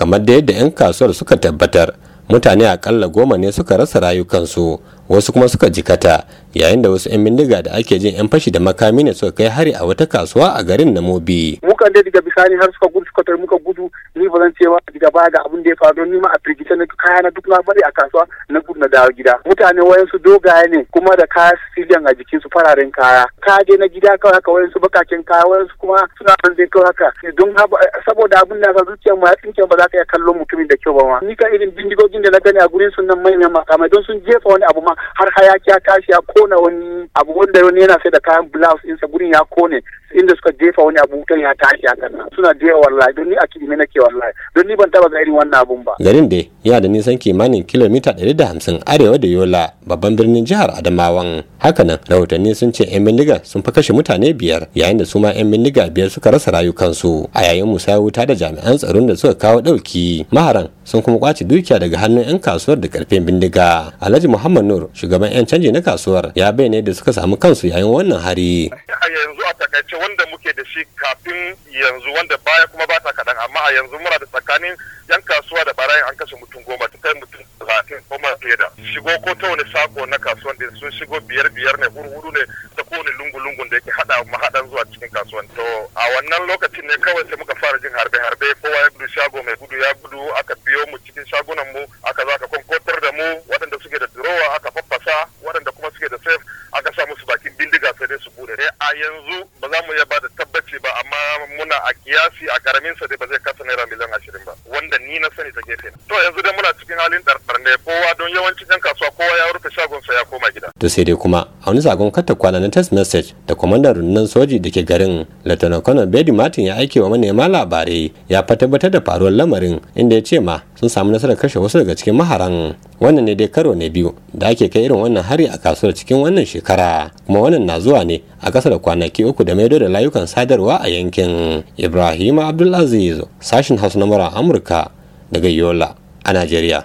kamar da yadda 'yan kasuwar suka tabbatar mutane akalla goma ne suka rasa rayukansu wasu kuma suka jikata yayin da wasu 'yan bindiga da ake jin 'yan fashi da makami ne suka kai hari a wata kasuwa a garin na mobi. muka ne daga bisani har suka gudu suka muka gudu ni ba zan cewa daga baya ga abin da ya faru ni ma a firgice na kaya na duk na a kasuwa na gudu na dawo gida mutane su dogaye ne kuma da kaya sicilian a jikin su fararen kaya kaya dai na gida kawai haka su bakakin kaya wayan su kuma suna nan dai kawai haka don saboda abin da ya zuciyar mu ya tsinke ba za ka iya kallon mutumin da kyau ba ma ni ka irin bindigogin da na gani a gurin sun nan manyan makamai don sun jefa wani abu ma har hayaki ya tashi ya kona wani abu wanda wani yana sai da kayan blouse insa gurin ya kone inda suka jefa wani abu wutan ya tashi a kan suna da wallahi don ni a kidime nake wallahi don ni ban taba ga irin wannan abun ba garin da yana da nisan kimanin kilomita 150 arewa da Yola babban birnin jihar Adamawan hakanan rahotanni sun ce 'yan bindiga sun fi kashe mutane biyar yayin da su ma 'yan bindiga biyar suka rasa rayukansu a yayin ya wuta da jami'an tsaron da suka kawo ɗauki maharan sun kuma kwace dukiya daga hannun 'yan kasuwar da karfin bindiga alhaji muhammad nur shugaban 'yan canji na kasuwar ya bayyana da suka samu kansu yayin wannan hari a yanzu a takaice wanda muke da shi kafin yanzu wanda baya kuma ba ta kaɗan amma a yanzu muna da tsakanin 'yan kasuwa da barayin talatin ko ma fiye da shigo ko ta wani sako na kasuwan da sun shigo biyar biyar ne hurhuru ne ta kowane lungu lungun da yake hada mahadan zuwa cikin kasuwan to a wannan lokacin ne kawai sai muka fara jin harbe harbe kowa ya gudu shago mai gudu ya gudu aka biyo mu cikin shagunan mu aka zaka kwankwantar da mu waɗanda suke da durowa aka faffasa waɗanda kuma suke da safe aka sa musu bakin bindiga sai dai su bude eh, a yanzu ba za mu iya da tabbaci ba amma muna a kiyasi a karamin sa dai ba zai kasa naira miliyan ashirin ba wanda ni na sani ta gefe to yanzu dai muna cikin halin dar mai kowa don yawancin yan kasuwa kowa ya rufe sa ya koma gida. To sai dai kuma a wani sakon katta kwana na test message da kwamandan rundunar soji da ke garin Lieutenant Colonel Bedi Martin ya aike wa manema labarai ya fa tabbatar da faruwar lamarin inda ya ce ma sun samu nasarar kashe wasu daga cikin maharan. Wannan ne dai karo na biyu da ake kai irin wannan hari a kasuwar cikin wannan shekara kuma wannan na zuwa ne a kasa da kwanaki uku da maido da layukan sadarwa a yankin. Ibrahim Abdulaziz sashin Hausa na Amurka daga Yola a Najeriya.